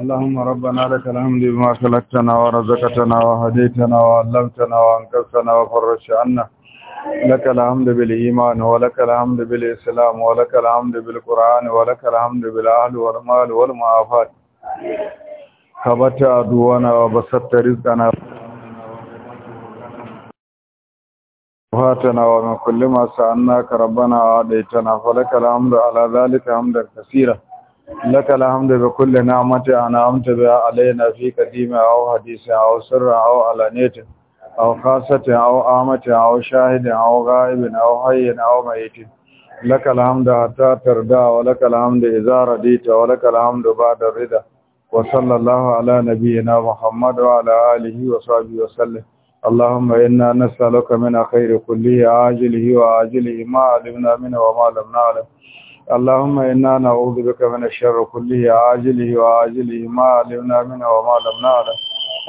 اللهم ربنا لك الحمد بما خلقتنا ورزقتنا وهديتنا وعلمتنا وانقذتنا وفرجت عنا لك الحمد بالإيمان ولك الحمد بالإسلام ولك الحمد بالقرآن ولك الحمد بالأهل والمال والمعافات كبت عدونا وبسطت رزقنا وفاتنا ومن كل ما سألناك ربنا عاديتنا فلك الحمد على ذلك حمدا كثيرا لك الحمد بكل نعمة أنعمت بها علينا في قديمة أو حديثة أو سر أو علانية أو خاصة أو آمة أو شاهد أو غائب أو حي أو ميت لك الحمد حتى ترضى ولك الحمد إذا رديت ولك الحمد بعد الرضا وصلى الله على نبينا محمد وعلى آله وصحبه وسلم اللهم إنا نسألك من خير كله عاجله وعاجله ما علمنا منه وما لم نعلم اللهم إنا نعوذ بك من الشر كله عاجله وعاجله ما علمنا منه وما لم نعلم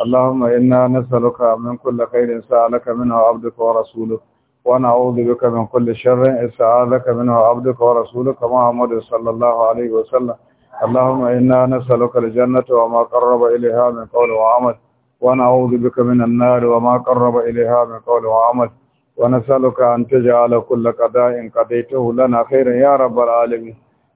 اللهم إنا نسألك من كل خير سألك منه عبدك ورسولك ونعوذ بك من كل شر استعاذك منه عبدك ورسولك محمد صلى الله عليه وسلم اللهم إنا نسألك الجنة وما قرب إليها من قول وعمل ونعوذ بك من النار وما قرب إليها من قول وعمل ونسألك أن تجعل كل قضاء قضيته لنا خيرا يا رب العالمين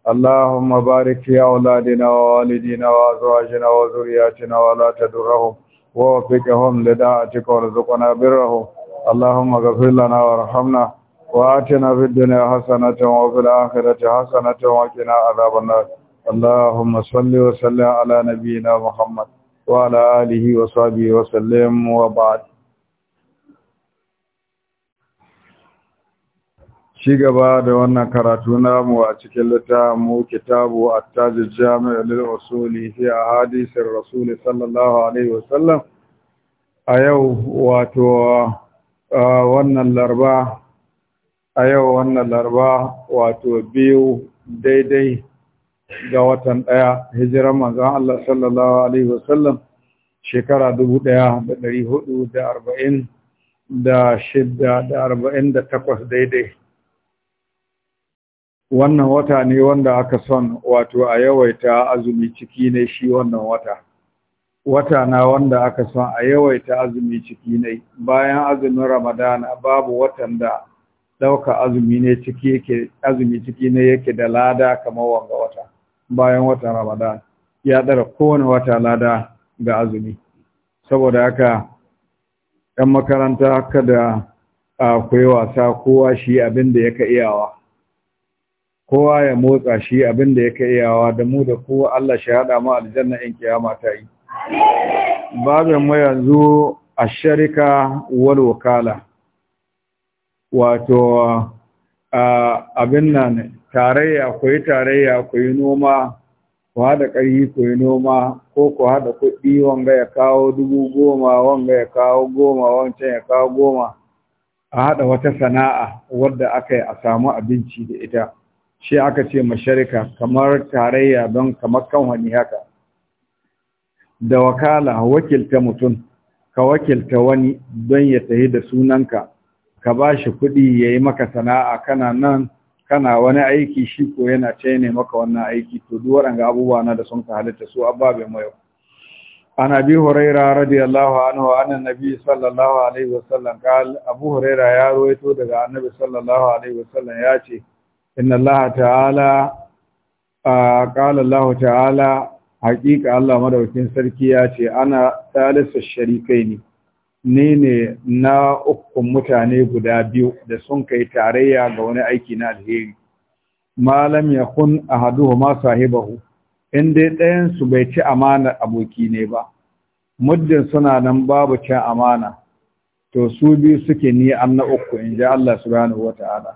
اللهم بارك في أولادنا ووالدينا وأزواجنا وذرياتنا ولا تدرهم ووفقهم لداعتك وارزقنا برهم اللهم اغفر لنا وارحمنا وآتنا في الدنيا حسنة وفي الآخرة حسنة وقنا عذاب النار اللهم صل وسلم على نبينا محمد وعلى آله وصحبه وسلم وبعد ci gaba da wannan karatu namu a cikin littafin kitabu at-tajid jami' lil usuli fi ar rasul sallallahu alaihi wasallam a yau wato wannan larba a yau wannan larba wato biyu daidai ga watan daya hijiran manzon Allah sallallahu alaihi wasallam shekara 1440 da shidda da arba'in da takwas daidai wannan wata ne wanda aka son wato a yawaita azumi ciki ne shi wannan wata wata na wanda aka son a yawaita azumi ciki ne bayan azumin ramadana babu watan da ɗauka azumi ne ciki yake azumi ciki ne yake da lada kamar wanga wata bayan watan ramadana ya ɗara kowane wata lada ga azumi saboda haka ɗan makaranta kada a wasa kowa shi abin da yaka iyawa kowa ya motsa shi abin da kai iyawa da mu da kowa Allah shi hada mu aljanna in kiyama ta yi babin mu yanzu asharika wal wakala wato abin nan tarayya ku yi tarayya ku noma ku haɗa ƙarfi ku noma ko ku haɗa kuɗi wanga ya kawo dubu goma wanga ya kawo goma wancan ya kawo goma a haɗa wata sana'a wadda aka a samu abinci da ita shi aka ce masharika kamar tarayya don kamar kanwani haka da wakala wakilta mutum ka wakilta wani don ya tahi da sunanka ka ba shi kuɗi ya yi maka sana'a kana nan kana wani aiki shi ko yana ce ne maka wannan aiki to duk waɗanga abubuwa na da sun ka halitta su ababe mayo an abi huraira radiyallahu anhu an nabi sallallahu alaihi wasallam kal abu huraira ya ruwaito daga annabi sallallahu alaihi wasallam ya ce inna Allah ta'ala qala Allah ta'ala haƙiƙa Allah madaukin sarki ya ce ana salisu sharikai ne ni ne na ukun mutane guda biyu da sun kai tarayya ga wani aiki na alheri malam ya kun ma sahibahu in dai ɗayan su bai ci amanar aboki ne ba muddin suna nan babu cin amana to su biyu suke ni an na uku in ji Allah subhanahu wata'ala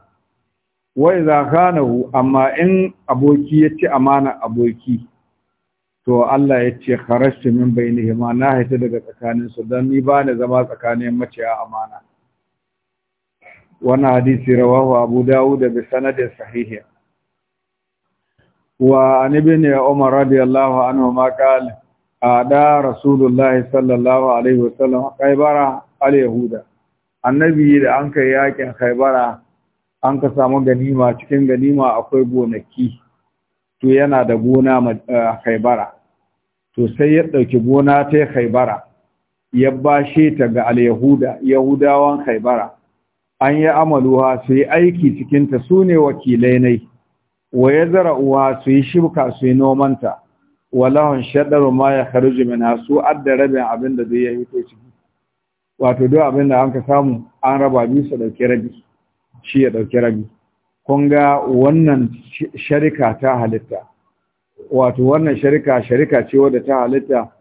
wai za kanahu amma in aboki ya ci amana aboki to Allah ya ce kharashtu min bainihima na haita daga tsakaninsu don ni ba ni zama tsakanin maciya amana wani hadisi rawahu abu dawud da sanadin sahihi wa an ibn umar radiyallahu anhu ma qala ada rasulullahi sallallahu alaihi wasallam khaybara al annabi da an kai yakin khaybara an ka samu ganima cikin ganima akwai gonaki to yana da gona haibara to sai ya ɗauki gona ta haibara ya bashe ta ga al-yahuda yahudawan haibara an yi amaluwa su yi aiki cikinta su ne wakilai nai wa ya uwa su yi shibka su yi nomanta walahun shaɗar ma ya kharuji min su adda rabin abin da zai yi hito ciki wato duk abin da an ka samu an raba bisa su ɗauki rabi shi ya ɗauki rabi kun ga wannan sharika ta halitta wato wannan sharika sharika ce wadda ta halitta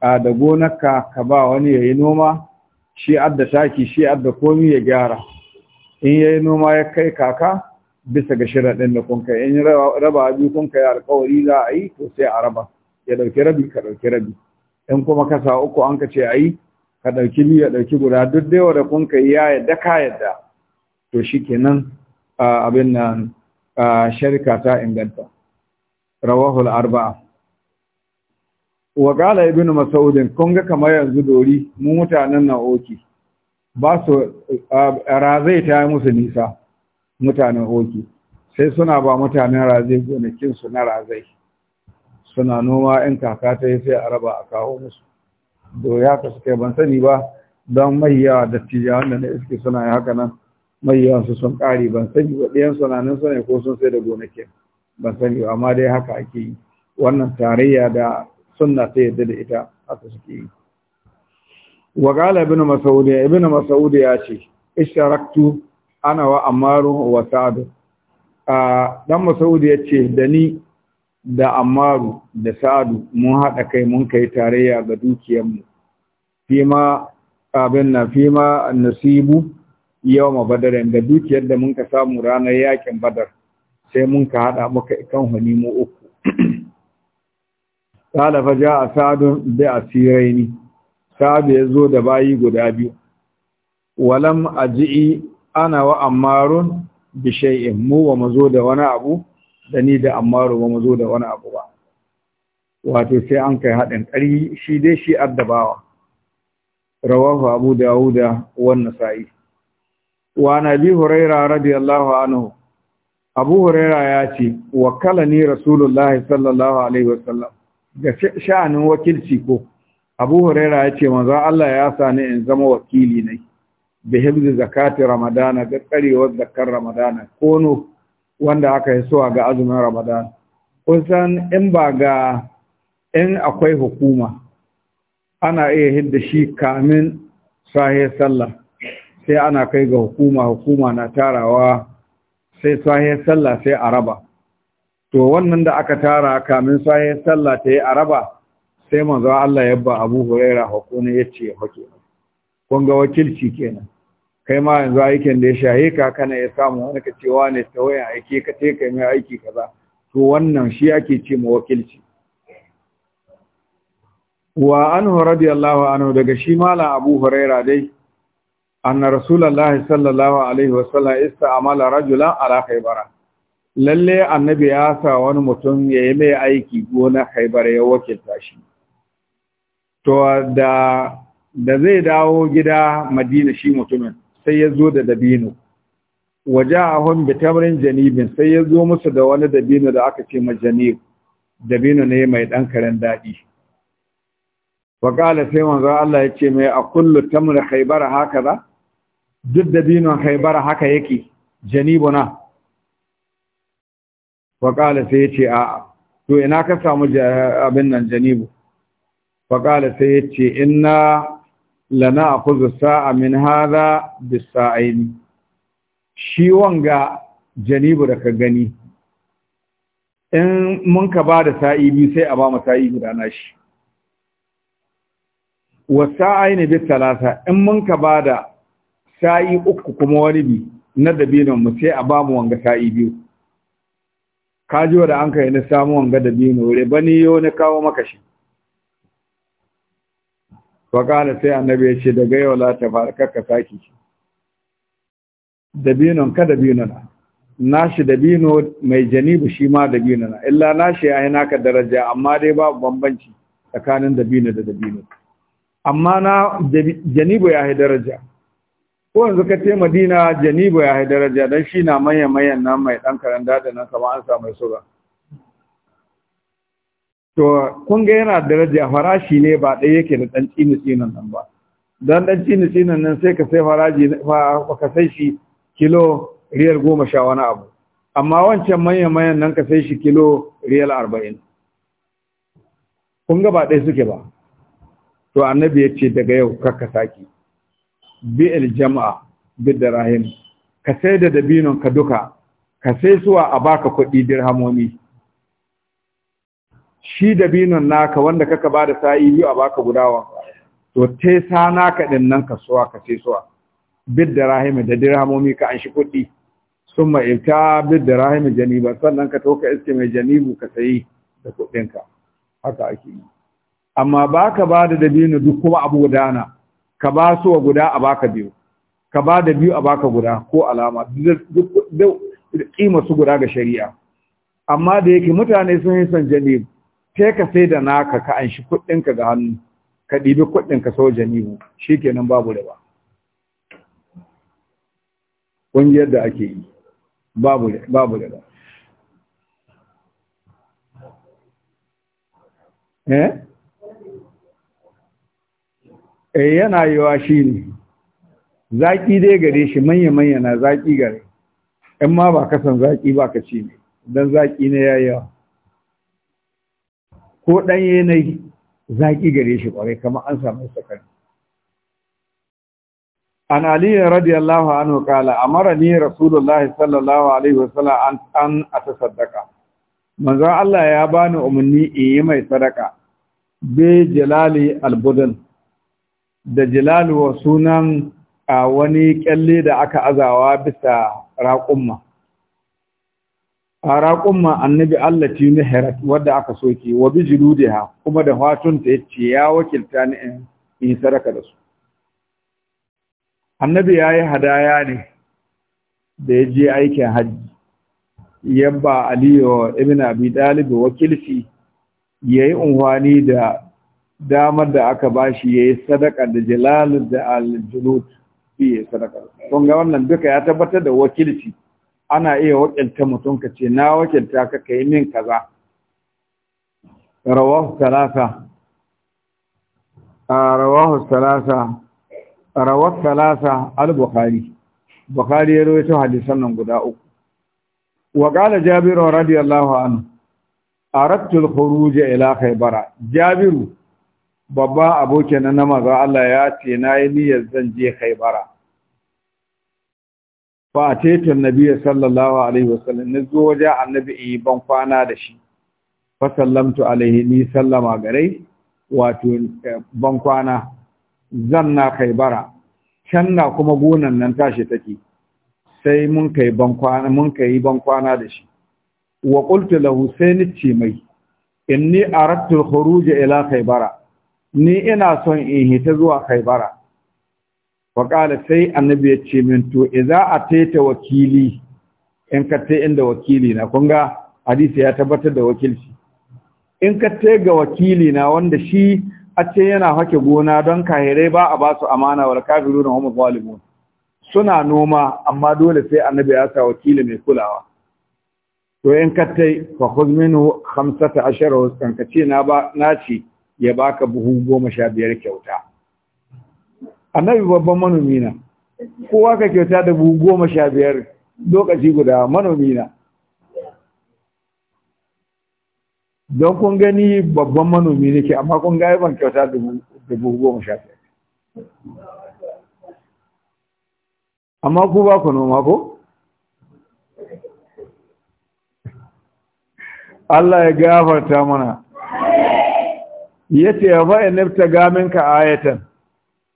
a da gonaka ka ba wani ya yi noma shi adda taki shi adda komi ya gyara in ya yi noma ya kai kaka bisa ga shiraɗin da kun kai in raba biyu kun kai alkawari za a yi to sai a raba ya ɗauki rabi ka ɗauki rabi in kuma kasa uku an ka ce a yi ka ɗauki biyu ya ɗauki guda duk da yawa da kun kai ya yadda ka yadda to shi kenan abin nan sharika ta inganta rawahul arba'a wa qala ibnu mas'ud kun ga kamar yanzu dori mu mutanen na oki ba su razai ta musu nisa mutanen oki sai suna ba mutanen razai gonakin su na razai suna noma in kaka ta yi sai a raba a kawo musu Do ya ka suke ban sani ba don mahiya da tijawan da na iske suna yi haka nan mai yawan su sun ƙari ban sani ba ɗayan nan sani ko sun sai da gonakin ban sani ba. amma dai haka ake yi wannan tarayya da sunna ta yadda da ita haka suke yi wa gala ibn masaudi ibn masaudi ya ce isharaktu ana wa amaru wa sa'd dan masaudi ya ce da ni da amaru da sa'adu mun haɗa kai mun kai tarayya ga mu. fima abin na fima nasibu ma badarin da dukiyar da mun ka samu ranar yakin badar sai mun ka hada muka kan mu uku qala fa jaa sa'dun bi asiraini sa'd ya zo da bayi guda biyu walam aji'i ana wa ammarun bi shay'in mu wa mazo da wani abu da ni da ammaru ba mazo da wani abu ba wato sai an kai haɗin ƙari shi dai shi addabawa rawahu abu dawuda wan nasa'i wa nabi huraira radiyallahu anhu abu huraira ya ce wakala ni rasulullah sallallahu alaihi wasallam ga sha'anin wakilci ko abu huraira ya ce manzo Allah ya sani in zama wakili ne bi hibzi zakati ramadana da tsarewar zakar ramadana kono wanda aka yi so ga azumin ramadana kusan in ba ga in akwai hukuma ana iya hidda shi kamin sahih sallah sai ana kai ga hukuma hukuma na tarawa sai sahiyar sallah sai a raba to wannan da aka tara kamin sahiyar sallah ta yi a raba sai manzo Allah ya ba Abu Huraira hukuma yace hake kun ga wakilci kenan kai ma yanzu aikin da ya shahe ka kana ya samu wani ka cewa ne ta waya ka te kai mai aiki kaza to wannan shi ake ce ma wakilci wa anhu radiyallahu anhu daga shi malam Abu Huraira dai Ana rasulullahi sallallahu alaihi wasallam ista'mala rajulan ala khaybara lalle annabi ya sa wani mutum ya yi mai aiki gona khaybar ya wakilta shi to da zai dawo gida madina shi mutumin sai ya zo da dabino waje a hun bitamrin janibin sai ya zo musu da wani dabino da aka ce majanib dabino ne mai ɗan karen daɗi wakala sai manzo Allah ya ce mai a kullu tamr haka hakaza duk da dinon haibara haka yake janibuna faƙala sai ya ce a to ina ka samu abin nan janibu faƙala sai ya ce ina lana a kuzu sa'a min haza bisa aini shi wanga janibu da ka gani in mun ka ba da sa'i biyu sai a ba mu sa'i guda na shi wasa aini bisa talata in mun ka ba da sa'i uku kuma wani bi na dabinon mu sai a ba mu wanga sa'i biyu kajiwa da an kai na samu wanga dabino riba ni yo na kawo maka shi wakala sai annabi ya ce daga yau la ta farka ka saki shi dabinon ka dabino na nashi dabino mai janibu shi ma dabino na illa nashi ya yi naka daraja amma dai babu bambanci tsakanin dabino da dabino amma na janibu ya yi daraja ko yanzu ka ce madina janibu ya haidar daraja don shi na manyan manyan nan mai ɗan karen dada nan kama an samu sura to kun ga yana daraja farashi ne ba ɗaya yake da ɗan tsini tsinin nan ba don ɗan tsini tsinin nan sai ka sai faraji ba ka sai shi kilo riyal goma sha wani abu amma wancan manyan manyan nan ka sai shi kilo riyal arba'in kun ga ba ɗaya suke ba to annabi ya ce daga yau kakka saki bi'il jama'a bid dirahim ka sai da dabinon ka duka ka sai suwa a baka kuɗi dirhamomi shi dabinon naka wanda kaka bada sa'i biyu a baka gudawa to te sa naka din nan ka suwa ka sai suwa bid dirahim da dirhamomi ka an shi kuɗi sun ma'ibta bid dirahim janiba sannan ka toka iske mai janibu ka sayi da kuɗinka haka ake yi amma baka bada da dabino duk kuma abu gudana ka ba su wa guda a baka biyu ka ba da biyu a baka guda ko alama duk kima su guda ga shari'a amma da yake mutane sun yi son janibu sai ka sai da naka ka anshi kuɗinka ga hannu ka ɗibi kuɗinka sau janibu shikenan babu riba ƙungiyar da ake yi babu riba eh Eh, yana yiwa shi ne zaƙi dai gare shi manya-manya na zaƙi gare in ma ba kasan zaƙi ba ka ci ne don zaƙi na ya yawa ko ɗanye na zaƙi gare shi ƙwarai kamar an samu sakari an aliyu radiyallahu hukala a mara ni rasulullah sallallahu alaihi wasala an a ta sadaka manzon Allah ya bani umarni in yi mai sadaka be jalali albudun da wa sunan a wani kyalle da aka azawa bisa raƙumma a raƙumma annabi Allah allati nihirat wadda aka soke wa ha, kuma da ta yace ya wakilta ni in yi sadaka da su annabi ya yi hadaya ne da ya je aikin hajji yabba aliyu ibn abi dalib wakilci ya yi unhwani da damar da aka ba shi ya yi sadaka da jalalud da al-junud fi sadaka Tun ga wannan duka ya tabbatar da wakilci ana iya wakilta mutum ka ce na wakilta ka yi min kaza rawahu salasa rawahu salasa rawahu salasa al-bukhari bukhari ya rawaito hadisan nan guda uku wa qala jabir radiyallahu anhu aradtu al-khuruj ila khaybar jabiru Babban abokina na maza Allah ya ce na yi niyyar zan je haibara fa a tetan nabiya sallallahu alaihi wasallam na zo wajen annabi in yi ban kwana da shi fa sallamtu alaihi ni sallama gare wato eh, ban kwana zan na haibara can na kuma gonan nan tashi take sai mun kai ban kwana mun kai ban kwana da shi wa qultu lahu sai ni ce mai inni aradtu al-khuruj ila haibara ni ina son in hita zuwa Kaibara. wa kala sai annabi ya ce min to idza ataita wakili in ka ta inda wakili na kun ga hadisi ya tabbatar da wakilci in ka ta ga wakili na wanda shi a ce yana hake gona don kahire ba a ba su amana wal kafiruna hum zalimun suna noma amma dole sai annabi ya sa wakili mai kulawa to in ka tai fa khudh minhu 15 kan ka ce na ba na ci ya baka buhu goma sha biyar kyauta annabi babban manomi na kowa ka kyauta da buhu goma sha biyar lokaci guda manomi na don kun gani babban manomi nake amma kun gani ban kyauta da buhu goma sha biyar amma ku ba ku noma ko? Allah ya gafarta mana yace fa in ibtaga gaminka ayatan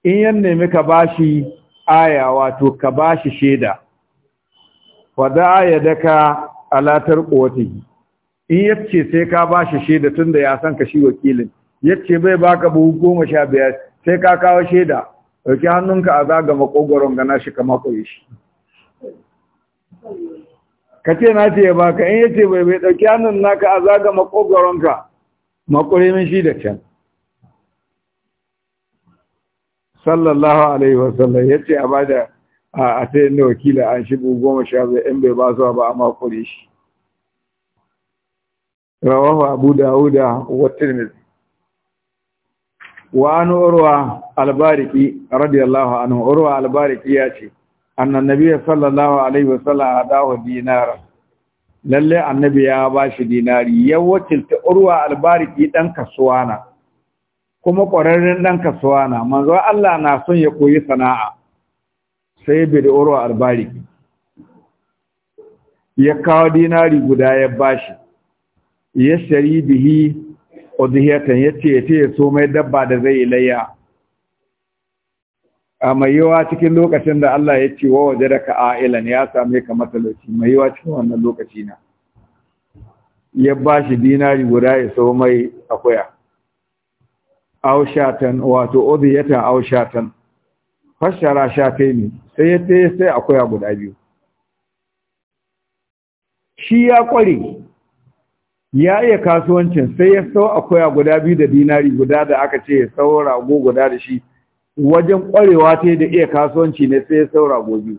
in yan nemi ka bashi aya wato ka bashi sheda wada yadaka alatar tarqwatihi in yace sai ka bashi sheda tunda ya san ka shi wakilin yace bai baka buhu goma sha biyar sai ka kawo sheda dauki hannunka a zaga makogoron gana shi ka makoye shi ka ce na ce ya baka in yace bai bai dauki hannun naka a zaga makogoronka makurimin shi da can sallallahu alaihi wasallam ya ce a ba da a sayan da wakila an bu goma sha biyar in bai ba su ba a makuri shi rawahu abu dawuda wa tirmidhi wa an urwa albariki radiyallahu anhu urwa albariki ya ce annan nabiya sallallahu alaihi wasallam dawo dinara lalle annabi ya ba shi dinari ya ta urwa albariki dan kasuwa na kuma ƙwararren dan kasuwa na manzo Allah na son ya koyi sana'a sai bi da urwa albariki ya kawo dinari guda ya bashi ya shari bihi udhiyatan yace yace so mai dabba da zai layya a mai yiwa cikin lokacin da Allah ya ce wa waje daga a'ilan ya same ka matsaloci mai yiwa cikin wannan lokaci na ya ba shi dinari guda ya sau mai akwaya aushatan wato odiyatan aushatan fashara shafe ne sai ya ce sai akwaya guda biyu shi ya kware ya iya kasuwancin sai ya sau akwaya guda biyu da dinari guda da aka ce ya sau rago guda da shi wajen ƙwarewa ta da iya kasuwanci ne sai ya saura gobe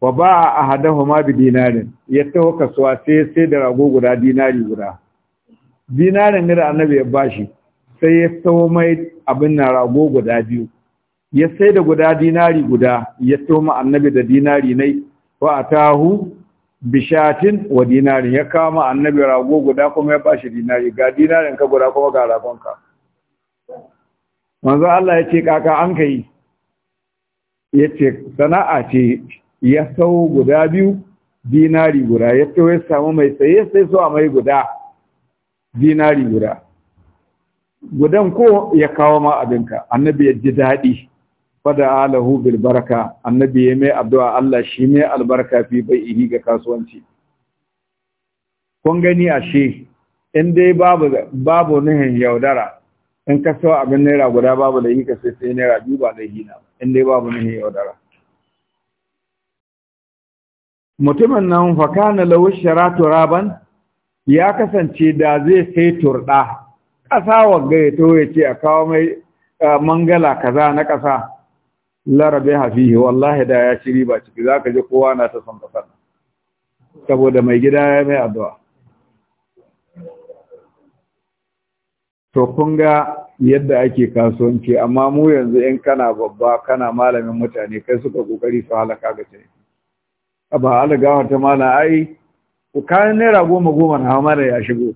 wa ba a wa ma bi dinarin ya taho kasuwa sai sai da rago guda dinari guda dinarin ne da annabi ya bashi sai ya taho mai abin na rago guda biyu ya sai da guda dinari guda ya taho ma annabi da dinari nai wa atahu bishatin wa dinarin ya kama annabi rago guda kuma ya bashi dinari ga dinarin ka guda kuma ga ragon ka manzo Allah ya ce kaka an kai ya ce sana'a ce ya sau guda biyu dinari guda ya ce ya samu mai tsaye sai so a mai guda dinari guda gudan ko ya kawo ma abinka annabi ya ji daɗi fada alahu bil baraka annabi ya mai addu'a Allah shi mai albarka fi bai'ihi ga kasuwanci kun gani ashe in dai babu babu nihin yaudara in ka abin naira guda babu da hika sai sai naira biyu ba laihi na in dai babu nahi yaudara mutumin nan fakana lawu shara turaban ya kasance da zai sai turɗa. ƙasa wagga ya to ya ce a kawo mai mangala kaza na ƙasa larabe hafihi wallahi da ya shiri ba ciki za ka je kowa na ta son ƙasar saboda mai gida ya mai addu'a to kun ga yadda ake kasuwanci amma mu yanzu in kana babba kana malamin mutane kai suka kokari su halaka ga ce ba alagawa ta mala ai ku kayan naira goma goma na hamara da ya shigo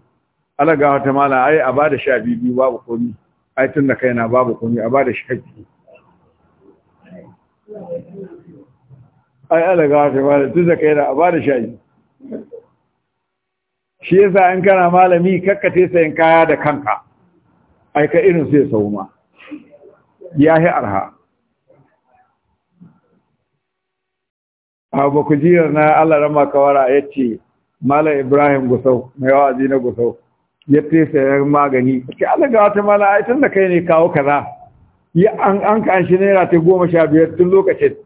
alagawa ta mala ai a bada sha biyu babu komi ai tun da kaina babu komi a bada sha biyu ai ga ta mala tun da kaina a bada sha biyu shi yasa in kana malami kakkace sayan kaya da kanka aika irin sai sau ma ya yi arha abu jiyar na allah rama kawara ya ce malam ibrahim gusau mai wa'azi na gusau ya fesa ya magani ke alaga wata mala ai tun da kai ne kawo kaza ya an an ka shi naira ta goma sha biyar tun lokacin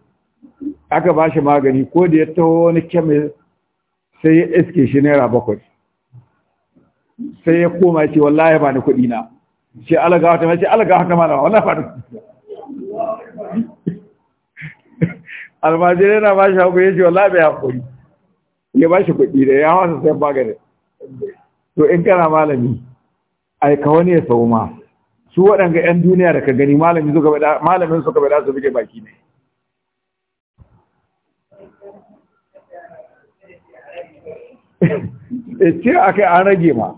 aka ba shi magani ko da ya taho wani kemil sai ya iske shi naira bakwai sai ya koma ce wallahi ba ni kuɗi na ce alaga wata mai ce alaga haka malama wannan faru almajirai na ba shi haƙuri ya ce labe ya haƙuri ya ba shi kuɗi da ya hawa sayan da. to in kana malami aika wani ya sau ma su waɗanga 'yan duniya da ka gani malamin suka bai da su buge baki ne ce kai an rage ma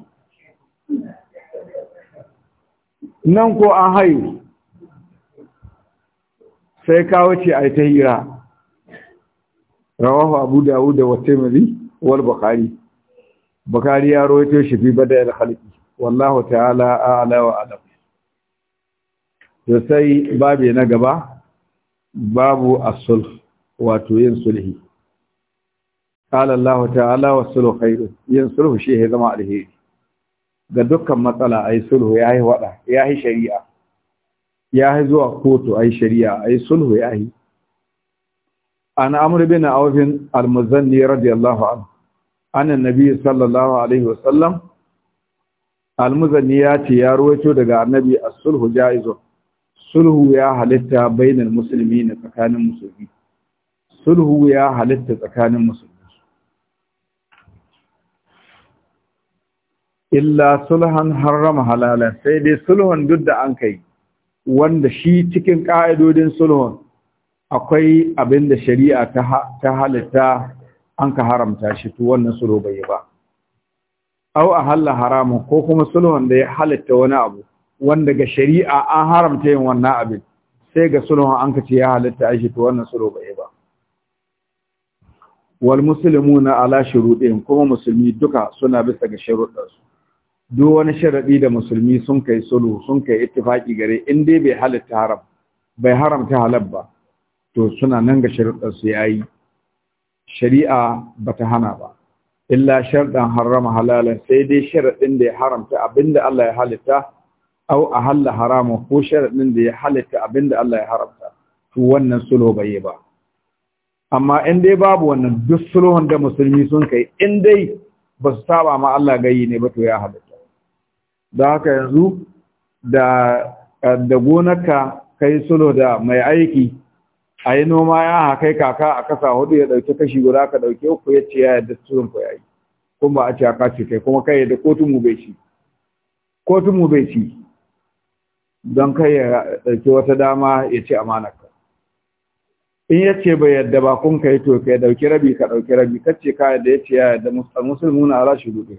nan ko an haihu sai ka wuce a ta hira rawahu abu dawud wa tirmidhi wal bukari bukari ya rohoto shi fi bada al khalqi wallahu ta'ala a'la wa alam sai babu na gaba babu as-sulh wato yin sulhi qala allah ta'ala was-sulhu khairun yin sulhu shi ya zama alheri ga dukkan matsala a yi sulhu ya yi waɗa ya yi shari'a ya yi zuwa kotu a yi shari'a a yi sulhu ya yi an amur bin aufin almuzanni radiyallahu anhu Annan nabi sallallahu alaihi wasallam almuzanni ya ce ya ruwaito daga annabi as-sulhu jaizun sulhu ya halitta bainal musulmi na tsakanin musulmi sulhu ya halitta tsakanin musulmi illa sulhan harrama halalan sai dai sulhun duk da an kai wanda shi cikin ƙa'idodin sulhun akwai abin da shari'a ta halitta an ka haramta shi to wannan sulhu bai ba au a halla haramun ko kuma sulhun da ya halitta wani abu wanda ga shari'a an haramta yin wannan abin sai ga sulhun an ka ce ya halitta shi to wannan sulhu bai ba wal muslimuna ala shuruɗin kuma musulmi duka suna bisa ga sharuɗansu duk wani sharaɗi da musulmi sun kai sulhu sun kai ittifaki gare in dai bai halatta haram bai haramta halal ba to suna nan ga sharuɗar su yayi shari'a bata hana ba illa sharɗan harama halalan sai dai sharaɗin da ya haramta abinda Allah ya halitta au a halla harama ko sharaɗin da ya halitta abinda Allah ya haramta to wannan sulhu bai yi ba amma in dai babu wannan duk sulhun da musulmi sun kai in dai ba su saba ma Allah gayi ne ba to ya halitta don haka yanzu da eh, da gonarka kai sulo da mai aiki a yi noma ya haka kaka a kasa hudu ya ɗauki kashi guda ka ɗauki uku ya ce ya yadda sulon ku yayi kuma a ce a kace kai kuma kai da kotun mu bai ci kotun mu bai ci don kai ya ɗauki wata dama ya ce ka. in ya ce bai yadda ba kun kai to kai ɗauki rabi ka ɗauki rabi kacce ka yadda ya ce ya yadda musulmuna ala shi dubu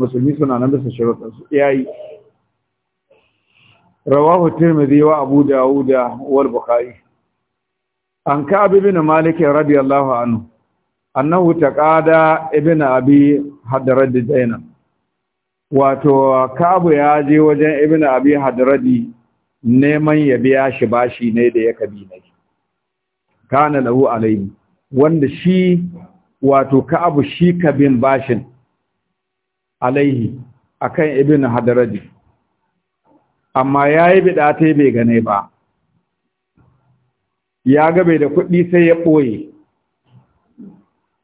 musulmi suna nan da su shiga kansu. su yayi rawahu tirmidhi wa abu dawud wal bukhari an ka'ab ibn malik radiyallahu anhu annahu taqada ibn abi hadrad daina wato ka'ab ya je wajen ibn abi hadrad neman ya biya shi bashi ne da ya kabi ne kana lahu alayhi wanda shi wato ka'ab shi kabin bashin alaihi akan ibn hadaraji amma yayi yi ta bai gane ba ya ga bai da kuɗi sai ya ɓoye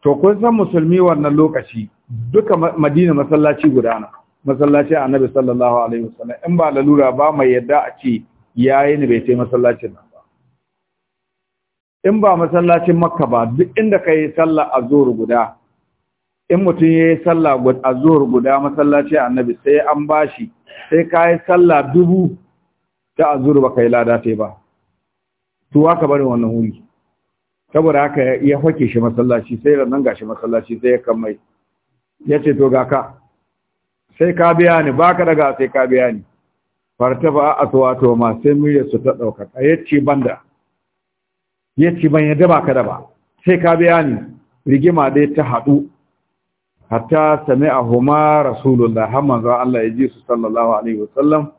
to kun san musulmi wannan lokaci duka madina masallaci gudana masallaci annabi sallallahu alaihi wasallam in ba lalura ba mai yadda a ce yayi ne bai tai masallacin nan ba in ba masallacin makka ba duk inda kai sallah azhur guda in mutum ya yi sallah a zuwar guda masallaci annabi sai an bashi sai ka yi sallah dubu ta a zuwar ba ka yi lada ta ba su ka bari wannan wuri saboda haka ya hake shi masallaci sai rannan gashi masallaci sai ya kammai ya ce to ga ka sai ka biya ni ba ka daga sai ka biya ni farta ba a to ma sai miliyar su ta ɗaukaka ya ce da ya ce ban ya daba ka daba ba sai ka biya ni rigima dai ta haɗu hatta sami'ahuma rasulullah har manzo Allah ya ji su sallallahu alaihi wasallam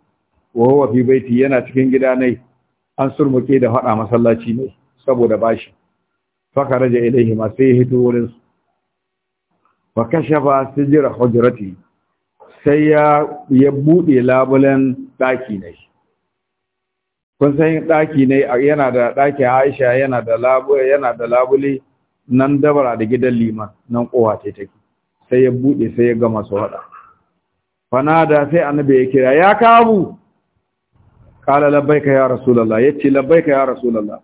wa huwa fi baiti yana cikin gida ne an surmuke da fada masallaci ne saboda bashi faka raja ilaihi ma sai hito wurin su fa kashafa sijra hujrati sai ya ya bude labulen daki ne kun san daki ne yana da daki Aisha yana da labu yana da labule nan dabara da gidan liman nan kowa take sai ya buɗe sai ya gama su haɗa fanada sai annabi ya kira ya kabu kala labbaika ya rasulullah yace labbaika ya rasulullah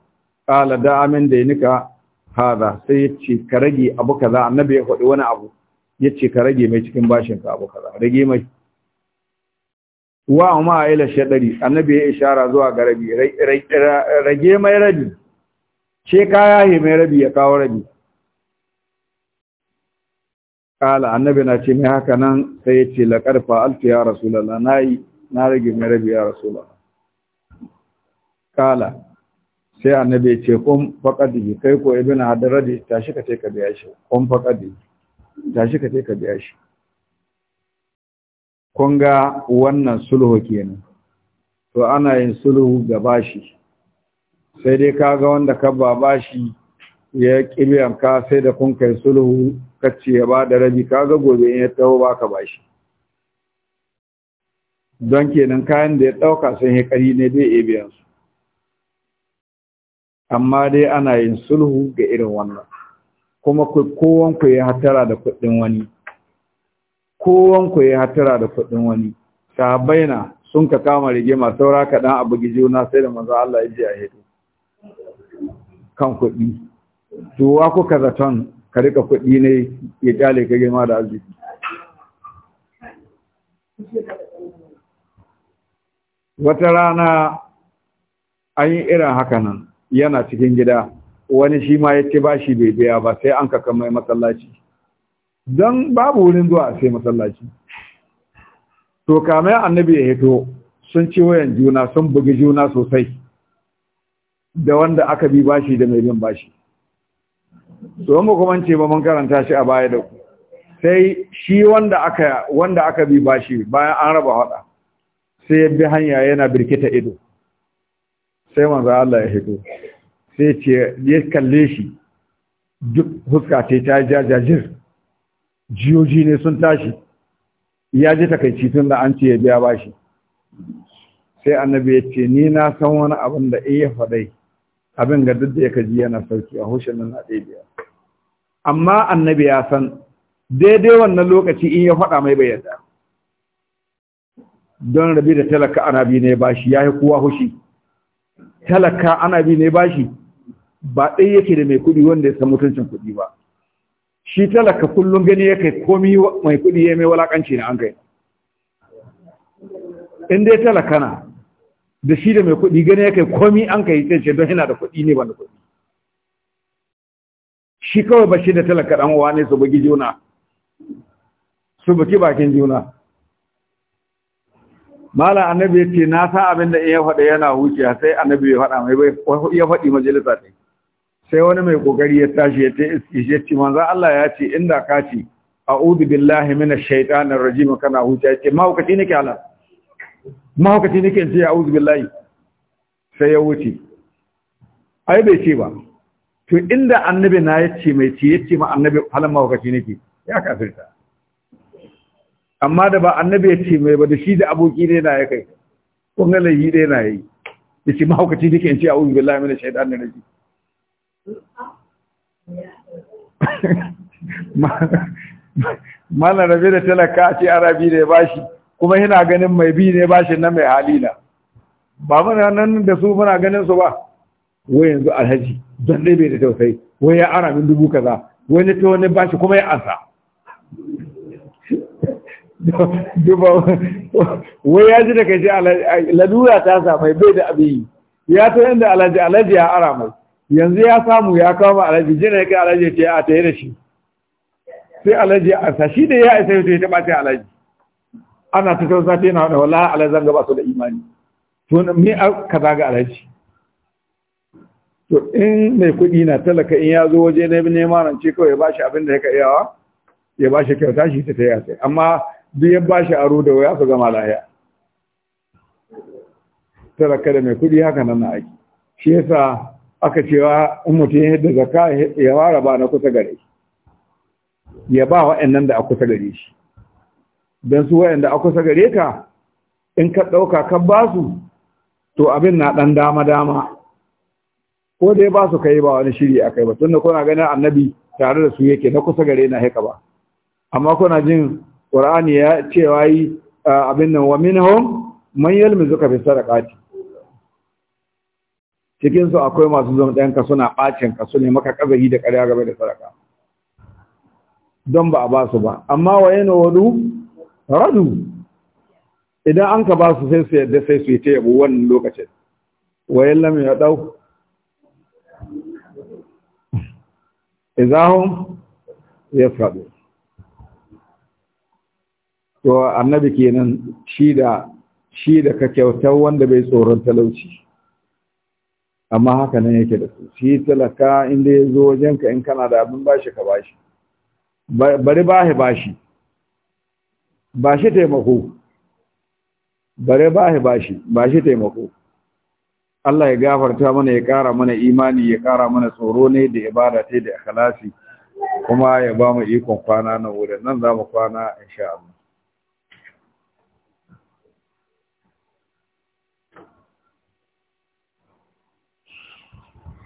kala da amin da nika hada sai yace ka rage abu kaza annabi ya faɗi wani abu yace ka rage mai cikin bashin ka abu kaza rage mai wa ma ila shadari annabi ya ishara zuwa ga rabi rage mai rabi ce kaya he mai rabi ya kawo rabi kala annabi na ce mai haka nan sai ya ce laƙar fa'altu ya rasulallah na yi na rage mai rabi ya rasulallah kala sai annabi ya ce kun faƙaɗi kai ko ibi na hadar radi tashi ka ce ka biya shi kun faƙaɗi tashi ka ce ka biya shi kun ga wannan sulhu kenan to ana yin sulhu ga bashi sai dai kaga wanda ka ba bashi ya ƙibiyanka sai da kun kai sulhu kace ya ba da rabi kaga gobe in ya taho baka bashi don kenan kayan da ya ɗauka sun yi ƙari ne bai iya biyan su amma dai ana yin sulhu ga irin wannan kuma kowanku ya hatara da kuɗin wani kowanku ya hatara da kuɗin wani sahabbai sun ka kama ma saura kaɗan a bugi juna sai da manzo Allah ya ji a hedu kan kuɗi to wa kuka zaton ka rika kuɗi ne ya kyale ka girma da arziki wata rana an yi irin haka nan yana cikin gida wani shi ma ya ba shi bai biya ba sai an kakan mai masallaci don babu wurin zuwa sai masallaci to kamar annabi ya hito sun ci wayan juna sun bugi juna sosai da wanda aka bi bashi da mai bin bashi so mu kuma ce ba mun karanta shi a baya da ku sai shi wanda aka wanda aka bi bashi bayan an raba hada sai ya bi hanya yana birkita ido sai manzo Allah ya hito sai ce ya kalle shi duk huska ta ta jajajir jiyoji ne sun tashi ya ji takaici tun da an ce ya biya bashi sai annabi ya ce ni na san wani abin da ya faɗai abin ga duk da ya kaji yana sauki a hushin nan a ɗaya amma annabi ya san daidai wannan lokaci in ya faɗa mai bai yarda don rabi da talaka ana bi ne bashi ya yi kowa hushi talaka ana bi ne bashi ba ɗaya yake da mai kuɗi wanda ya san mutuncin kuɗi ba shi talaka kullum gani ya kai komi mai kuɗi ya mai walakanci na an kai in dai talaka na da shi da mai kuɗi gane ya kai komi an kai sai ce don yana da kuɗi ne wanda kuɗi shi kawai ba shi da talaka ɗan uwa ne su bugi juna su buki bakin juna mala annabi ya ce na sa abin da ya faɗa yana wuce sai annabi ya faɗa mai bai ya faɗi majalisa ne sai wani mai kokari ya tashi ya ce ya ce manzo Allah ya ce inda ka ce a'udhu billahi minash shaitanir rajim kana huce ya ce ma hukaci nake Allah mahaukaci nake in ce ya auzu billahi sai ya wuce ai bai ce ba to inda annabi na ya ce mai ce ya ce ma annabi halin mahaukaci nake ya kafirta amma da ba annabi ya ce mai ba da shi da aboki ne na ya kai kun yi ɗaya na yi ya ce mahaukaci nake in ce ya auzu billahi mana shaidan na raji malar rabe da talaka a ce arabi da ya bashi kuma yana ganin mai bi ne shi na mai halina ba muna nan da su muna ganin su ba wai yanzu alhaji don ɗai bai da tausayi wai ya ara min dubu kaza wai na ta wani bashi kuma ya ansa duba wai ya ji da kai lalura ta sa mai bai da abin yi ya ta inda alhaji alhaji ya ara mai yanzu ya samu ya kawo ma alhaji jina ya kai alhaji ce a ta yi da shi sai alhaji a ansa, shi da ya isa ya ta ɓace alhaji ana ta kai zafi yana wani wala ala zanga ba su da imani to me ka zaga alhaji to in mai kuɗi na talaka in ya zo waje na nema ce kawai ya bashi abin da ya iyawa ya bashi kyauta shi ta taya sai amma duk ya bashi aro da waya su gama laya talaka da mai kuɗi haka nan na aiki shi yasa aka cewa in mutum ya yadda zakka ya ware ba na kusa gare shi ya ba wa'annan da a kusa gare shi don su wayanda a sa gare ka in ka ɗauka ka ba su to abin na ɗan dama-dama ko dai ba su kai ba wani shiri a kai ba tunda kuna ganin annabi tare da su yake na kusa gare na haika ba amma kuna jin qur'ani ya cewa yi abin nan wa minhum man ka fi sadaqati cikin su akwai masu zama ka suna bacin ka su ne maka kazahi da ƙarya game da sadaka don ba a ba su ba amma wa wadu radu idan an ka ba su sai su yadda sai su yi ta yabo wannan lokacin wayan lam ya dau izahum yasadu to annabi kenan shi shi da ka kyautar wanda bai tsoron talauci amma haka nan yake da su shi talaka inda ya zo wajenka in kana da abin bashi ka bashi bari bahi bashi ba shi taimako bare ba shi bashi ba shi taimako Allah ya gafarta mana ya kara mana imani ya kara mana tsoro ne da ibada ta da ikhlasi kuma ya ba mu ikon kwana nan wurin nan za mu kwana insha Allah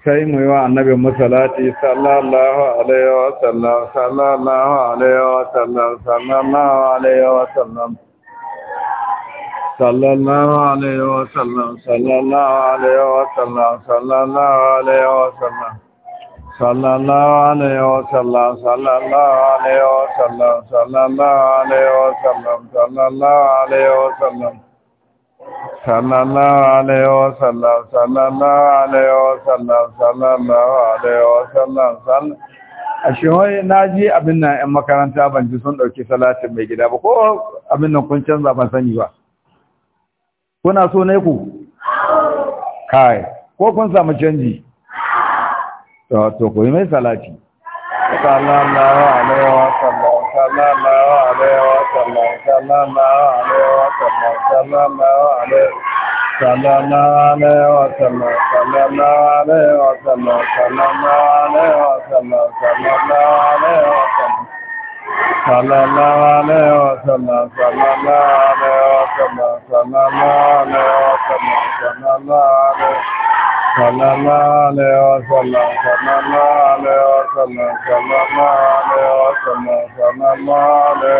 sai mu yi wa annabi masalati sallallahu alaihi wa sallam sallallahu alaihi wa sallam sallallahu alaihi wa sallam sallallahu alaihi wa sallam sallallahu alaihi wa sallam sallallahu alaihi wa sallam sallallahu alaihi wa sallam sallallahu alaihi wa sallam sallallahu alaihi wa sallam sallallahu alaihi wa sallam صلى الله عليه وسلم صلى الله عليه وسلم صلى الله عليه وسلم a shawai na ji abin nan ‘yan makaranta ban ji sun ɗauki salatin mai gida ba ko abin nan kun canza ban sani ba kuna so ne ku kai ko kun samu canji to ku yi mai salati sallallahu alaihi wasallam sallallahu မမအလေဝသမသမမအလေသမမအလေဝသမသမမအလေဝသမသမမအလေဝသမသမမအလေဝသမသမမအလေဝသမသမမအလေဝသမသမမအလေဝသမသမမအလေသမမအလေဝသမသမမအလေဝသမသမမအလေဝသမသမမအလေ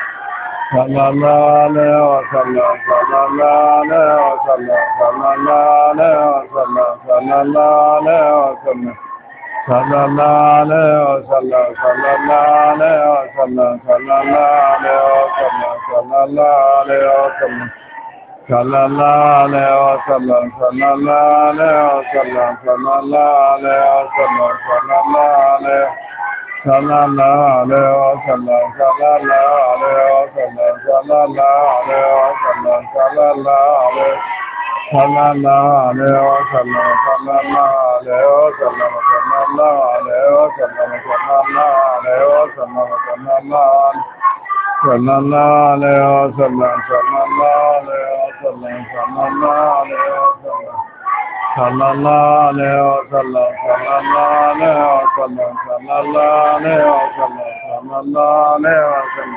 သမ္မာနာနေဝသမ္မာသမ္မာနာနေဝသမ္မာသမ္မာနာနေဝသမ္မာသမ္မာနာနေဝသမ္မာသမ္မာနာနေဝသမ္မာသမ္မာနာနေဝသမ္မာသမ္မာနာနေဝသမ္မာသမ္မာနာနေဝသမ္မာသမ္မာနာနေဝသမ္မာသမ္မာနာနေဝသမ္မာသမ္မာနာနေဝသမ္မာသမ္မာနာနေဝသမ္မာလာလေဝသမ္မာသမ္မာလာလေဝသမ္မာသမ္မာလာလေဝသမ္မာသမ္မာလာလေသမ္မာလာလေဝသမ္မာသမ္မာလာလေဝသမ္မာသမ္မာလာလေဝသမ္မာသမ္မာလာလေဝသမ္မာသမ္မာလာသမ္မာလေဝသမ္မာသမ္မာလာလေဝသမ္မာသမ္မာလာလေဝသမ္မာဆလလာလေဆလဆလလာလေဆလဆလလာလေဆလဆလလာလေဆလ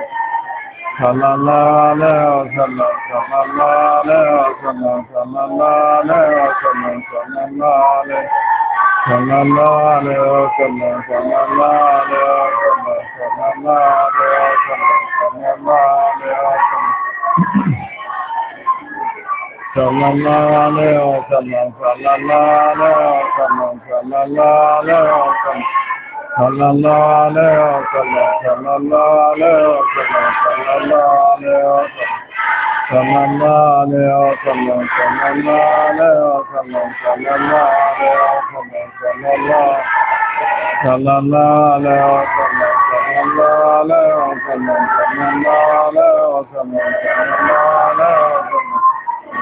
ဆလလာလေဆလဆလလာလေဆလဆလလာလေဆလဆလလာလေဆလလာလေဆလဆလလာလေဆလဆလလာလေဆလဆလလာလေ a a a Sallallahu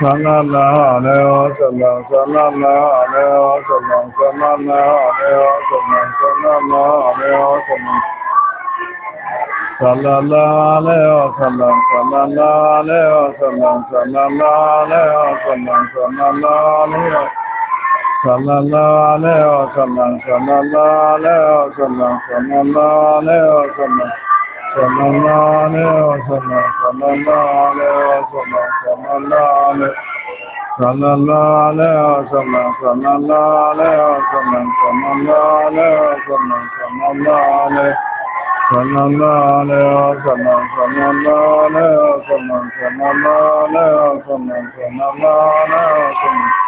သန္နာလာအလေယောသလံသန္နာလာအလေယောသလံသန္နာလာအလေယောသလံသန္နာလာအလေယောသလံသလလာလေယောသလံသလလာလေယောသလံသလလာလေယောသလံသလလာလေယောသလလာလေယောသလံသလလာလေယောသလံသလလာလေယောသလံသမ္မာနေသမ္မာသမ္မာနေသမ္မာသမ္မာနေသမ္မာနေသမ္မာသမ္မာနေသမ္မာသမ္မာနေသမ္မာသမ္မာနေသမ္မာနေသမ္မာသမ္မာနေသမ္မာသမ္မာနေသမ္မာသမ္မာနေသမ္မာ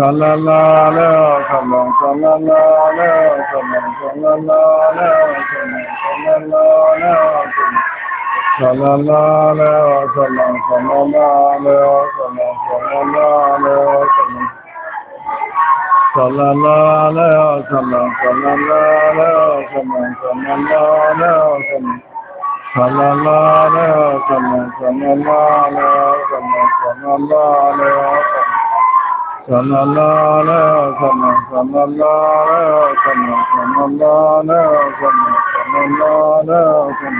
ဆလလာလာဆလံဆလလာလာဆလံဆလလာလာဆလံဆလလာလာဆလလာလာဆလံဆလလာလာဆလံဆလလာလာဆလံဆလလာလာဆလံဆလလာလာဆလံဆလလာလာဆလံဆလလာလာဆလံဆလလာလာဆလံဆလလာလာသမ္မာနာနာသမ္မာသမ္မာနာနာသမ္မာသမ္မာနာနာသမ္မာသမ္မာနာနာသမ္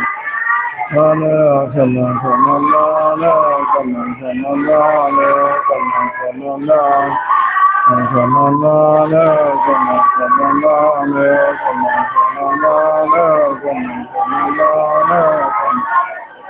မာသမ္မာသမ္မာသမ္မာနာနာသမ္မာသမ္မာနာနာသမ္မာသမ္မာနာနာသမ္မာနာနာသမ္မာသမ္မာနာနာသမ္မာသမ္မာနာနာသမ္မာသမ္မာနာနာ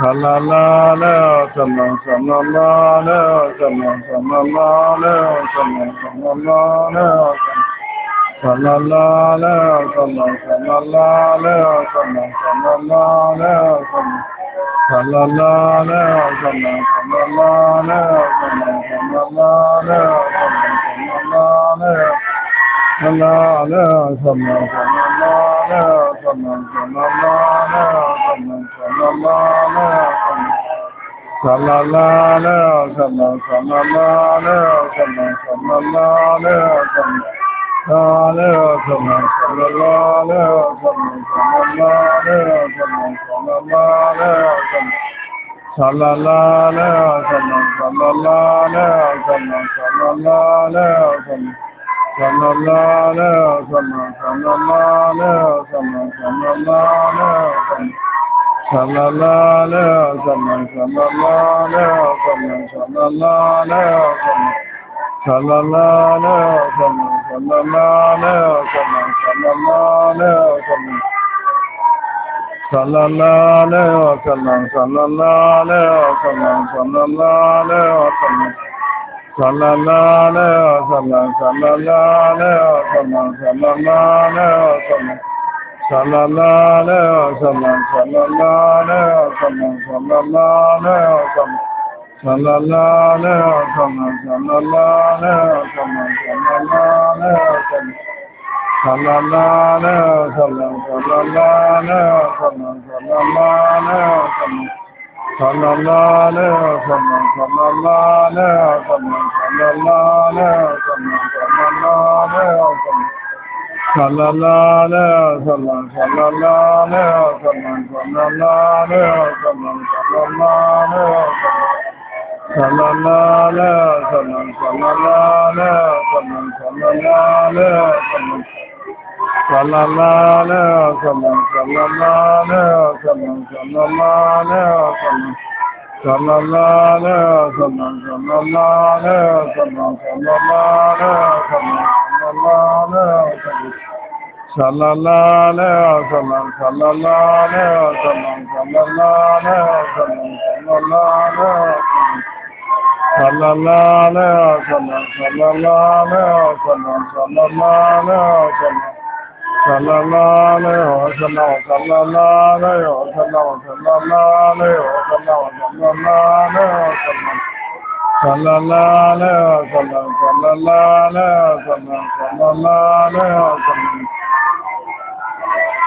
သမ္မာနာနောသမ္မာသမ္မာနာနောသမ္မာသမ္မာနာနောသမ္မာသမ္မာနာနောသမ္မာနာနောသမ္မာသမ္မာနာနောသမ္မာသမ္မာနာနောသမ္မာနာနောသမ္မာသမ္မာနာနောသမ္မာသမ္မာနာနောသမ္မာသမ္မာနာနောသမ္မာနာနောသမ္မာသမ္မာနာနောသမ္မာသမ္မာနာနောသမ္မာလလာလာသလလာလာသလသလလာလာသလသလလာလာသလသာလေသမ္မာသမ္မာလေသမ္မာသမ္မာလေသမ္မာသမ္မာလေသမ္မာသလလာလေသမ္မာသမ္မာလေသမ္မာသမ္မာလေသမ္မာသမ္မာလေသမ္မာသမ္မာလေသမ္မာသမ္မာလေသမ္မာသမ္မာလာလောသမ္မာသမ္မာလာလောသမ္မာသမ္မာလာလောသမ္မာသမ္မာလာလောသမ္မာသမ္မာလာလောသမ္မာသမ္မာလာလောသမ္မာသမ္မာလာလောသမ္မာသမ္မာလာလောသမ္မာသမ္မာလာလောသမ္မာသမ္မာလာလောသမ္မာသမ္မာလာလောသမ္မာသမ္မာလာလောသမ္မာ Sallallahu aleyhi ve sellem Sallallahu aleyhi ve sellem, sallallahu aleyhi ve sellem, sallallahu aleyhi sallallahu alaihi wasallam sallallahu alaihi wasallam sallallahu alaihi wasallam sallallahu alaihi wasallam sallallahu alaihi sallallahu alaihi wasallam sallallahu alaihi wasallam sallallahu alaihi wasallam sallallahu alaihi wasallam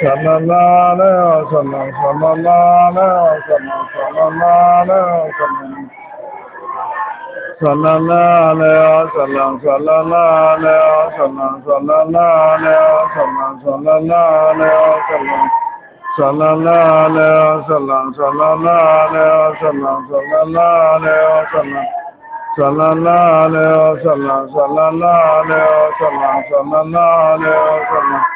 သမ္မာနာသမ္မာသမ္မာနာသမ္မာသမ္မာနာသမ္မာသမ္မာနာသမ္မာသမ္မာနာသမ္မာသမ္မာနာသမ္မာသမ္မာနာသမ္မာသမ္မာနာသမ္မာသမ္မာနာသမ္မာသမ္မာနာသမ္မာသမ္မာနာသမ္မာသမ္မာနာသမ္မာသမ္မာနာသမ္မာသမ္မာနာသမ္မာ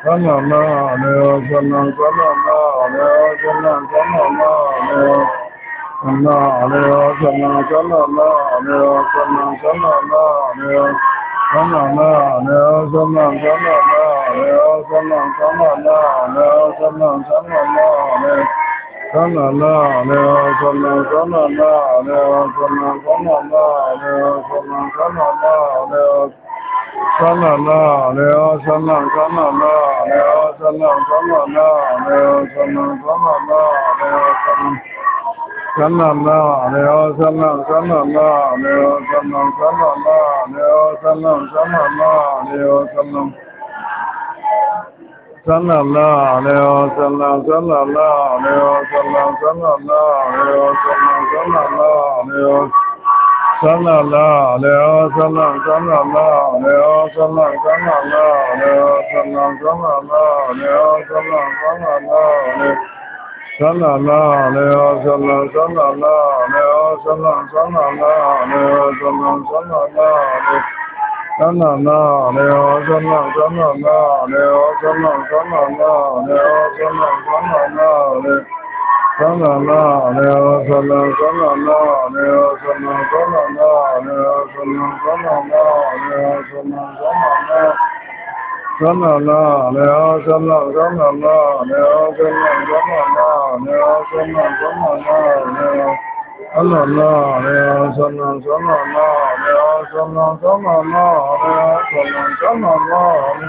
sama ma mewa sannan sama ma mewa sannan sama ma mewa sannan sama ma sannan sama ma mewa sannan sama ဆန္ဒလာလေယောဆန္ဒဆန္ဒလာလေယောဆန္ဒဆန္ဒလာလေယောဆန္ဒဆန္ဒလာလေယောဆန္ဒဆန္ဒလာလေယောဆန္ဒဆန္ဒလာလေယောဆန္ဒဆန္ဒလာလေယောဆန္ဒဆန္ဒလာလေယောဆန္ဒသန္နလာလေယောသန္နသန္နလာလေယောသန္နသန္နလာလေယောသန္နသန္နလာလေယောသမ္မာလာလေဩသမ္မာသမ္မာလာလေဩသမ္မာသမ္မာလာလေဩသမ္မာသမ္မာလာလေဩသမ္မာသမ္မာလာလေသမ္မာလာလေဩသမ္မာသမ္မာလာလေဩသမ္မာသမ္မာလာလေဩသမ္မာသမ္မာလာလေသမ္မာလာလေဩသမ္မာသမ္မာလာလေဩသမ္မာသမ္မာလာလေဩသမ္မာသမ္မာလာလေသမ္မာနာနေယောသမ္မာသမ္မာနာနေယောသမ္မာသမ္မာနာနေယောသမ္မာသမ္မာနာနေယောသမ္မာသမ္မာနာသမ္မာနာနေယောသမ္မာသမ္မာနာနေယောသမ္မာသမ္မာနာနေယောသမ္မာသမ္မာနာနေယောသမ္မာနာနေယောသမ္မာသမ္မာနာနေယောသမ္မာသမ္မာနာနေယောသမ္မာသမ္မာနာ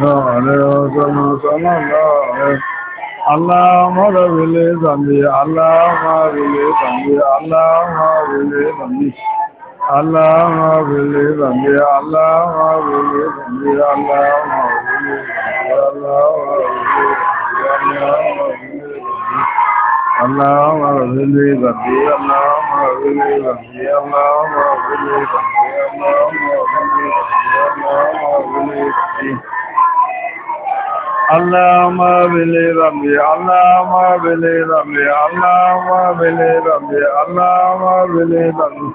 Allahumma rabbili zambi Allahumma rabbili zambi Allahumma rabbili zambi Allahumma rabbili zambi Allahumma rabbili zambi Allahumma rabbili zambi Allahumma rabbili zambi Allahumma rabbili zambi Allahumma rabbili zambi Allahumma rabbili zambi اللهم بلي ربي اللهم بلي ربي اللهم بلي ربي اللهم بلي ربي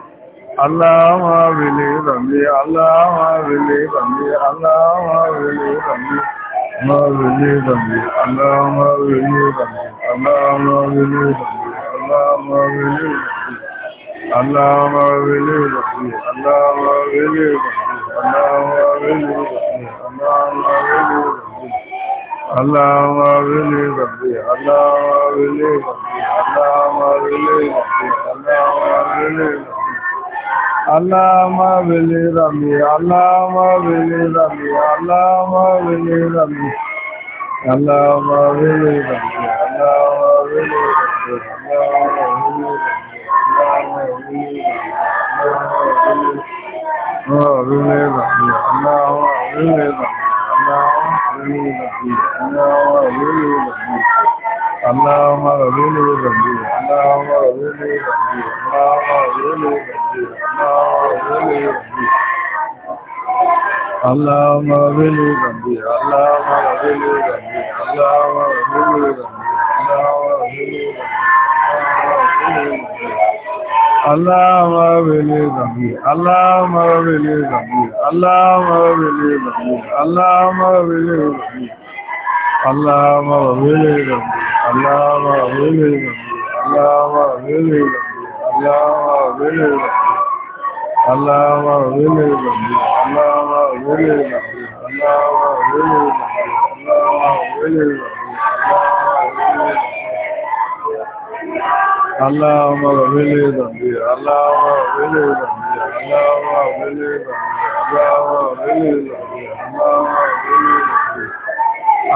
اللهم بلي ربي اللهم بلي ربي اللهم بلي ربي اللهم بلي ربي اللهم بلي ربي اللهم بلي ربي اللهم بلي ربي اللهم بلي ربي اللهم بلي ربي اللهم بلي ربي اللهم بلي ربي اللهم اغفر لي ربي اللهم اغفر لي ربي اللهم اغفر لي ربي اللهم اغفر لي ربي اللهم اغفر لي ربي اللهم اغفر لي ربي اللهم اغفر لي ربي اللهم اغفر لي ربي اللهم اغفر لي ربي اللهم اغفر لي ربي اللهم اغفر لي ربي اللهم اغفر لي ربي اللهم اغفر لي ربي اللهم اغفر لي ربي غفور اللهم غفور ربي اللهم غفور ربي اللهم غفور ربي اللهم غفور ربي اللهم غفور ربي اللهم غفور ربي اللهم غفور ربي alama rabbi zambi Allahumma rabbi zambi Allahumma rabbi zambi Allahumma rabbi zambi Allahumma rabbi zambi Allahumma rabbi zambi Allahumma rabbi zambi Allahumma rabbi zambi Allahumma rabbi zambi Allahumma rabbi zambi Allahumma rabbi zambi Allahumma rabbi zambi Allahumma rabbi zambi Allahumma rabbi zambi اللهم اغفر لي ذنبي اللهم اغفر لي ذنبي اللهم اغفر لي ذنبي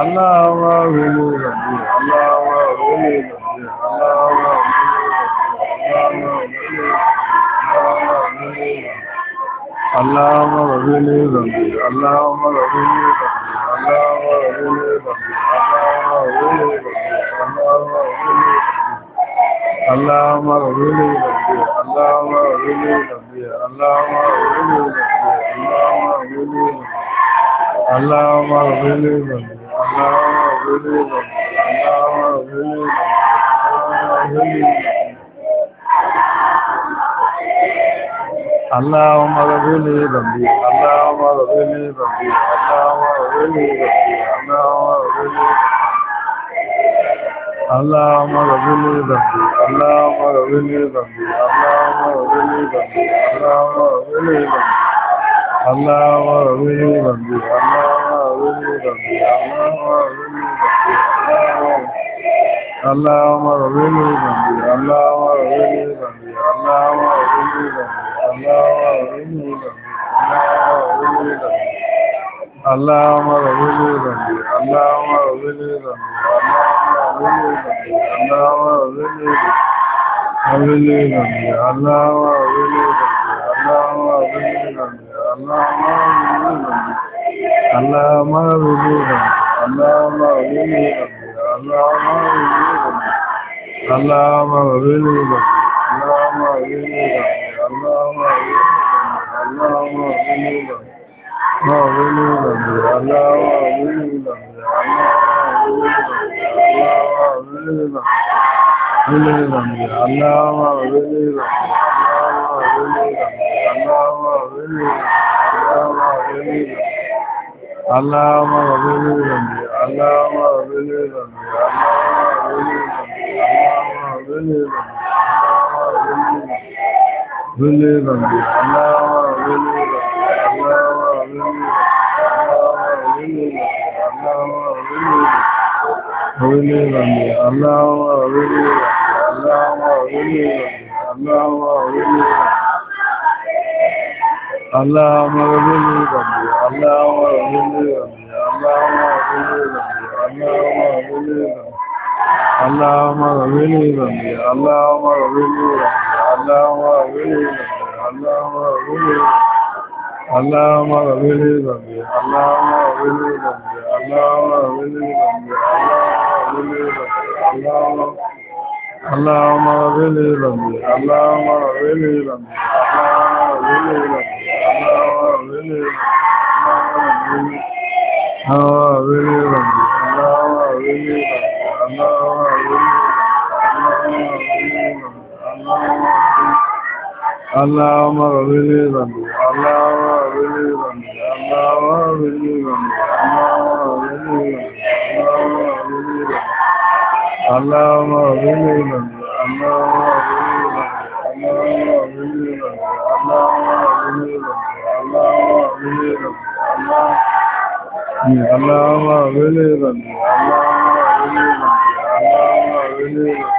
اللهم اغفر لي ذنبي اللهم اغفر لي ذنبي اللهم اغفر لي ذنبي اللهم اغفر لي ذنبي اللهم اغفر لي ذنبي اللهم اغفر لي ذنبي اللهم اغفر لي ذنبي اللهم اغفر لي ذنبي اللهم اغفر لي ذنبي اللهم اغفر لي ذنبي اللهم اغفر لي ذنبي اللهم اغفر لي ذنبي اللهم اغفر لي ذنبي اللهم اغفر لي ذنبي اللهم اغفر لي ذنبي اللهم اغفر لي ذنبي اللهم اغفر لي ذنبي اللهم اغفر لي ذنبي اللهم اغفر لي ذنبي اللهم اغفر لي ذنبي اللهم اغفر لي ذنبي اللهم اغفر لي ذنبي اللهم اغفر لي ذنبي اللهم اغفر لي ذنبي اللهم اغفر لي ذنبي اللهم اغفر لي ذنبي اللهم اغفر لي ذنبي اللهم اغفر لي ذنبي اللهم اغفر لي ذنبي اللهم اغفر لي ذنبي اللهم اغفر لي ذنبي Allahumma rabbil izzati Allahumma rabbil izzati Allahumma rabbil izzati rabbil izzati Allahumma rabbil izzati Allahumma rabbil izzati ba Allahumma ba rabbi Allahumma rabbi rabbi Allahumma rabbi rabbi Allahumma rabbi rabbi Allahumma rabbi rabbi Orílẹ̀ ìrànlẹ̀ aláwọ̀ orílẹ̀ ìrànlẹ̀ aláwọ̀ orílẹ̀ ìrànlẹ̀ aláwọ̀ orílẹ̀ ìrànlẹ̀ aláwọ̀ orílẹ̀ ìrànlẹ̀ aláwọ̀ orílẹ̀ ìrànlẹ̀ aláwọ̀ orílẹ̀ اللهم اغفر لي ذنبي اللهم اغفر لي ذنبي اللهم اغفر لي ذنبي اللهم اغفر لي ذنبي اللهم اغفر لي ذنبي اللهم اغفر لي ذنبي اللهم اغفر لي ذنبي اللهم اغفر لي ذنبي اللهم اغفر لي ذنبي اللهم اغفر لي ذنبي اللهم اغفر لي ذنبي اللهم اغفر لي ذنبي اللهم اغفر لي ذنبي اللهم اغفر لي ذنبي اللهم اغفر لي ذنبي اللهم اغفر لي ذنبي اللهم اغفر لي ذنبي اللهم اغفر لي ذنبي اللهم اغفر لي ذنبي اللهم اغفر لي ذنبي اللهم اغفر لي ذنبي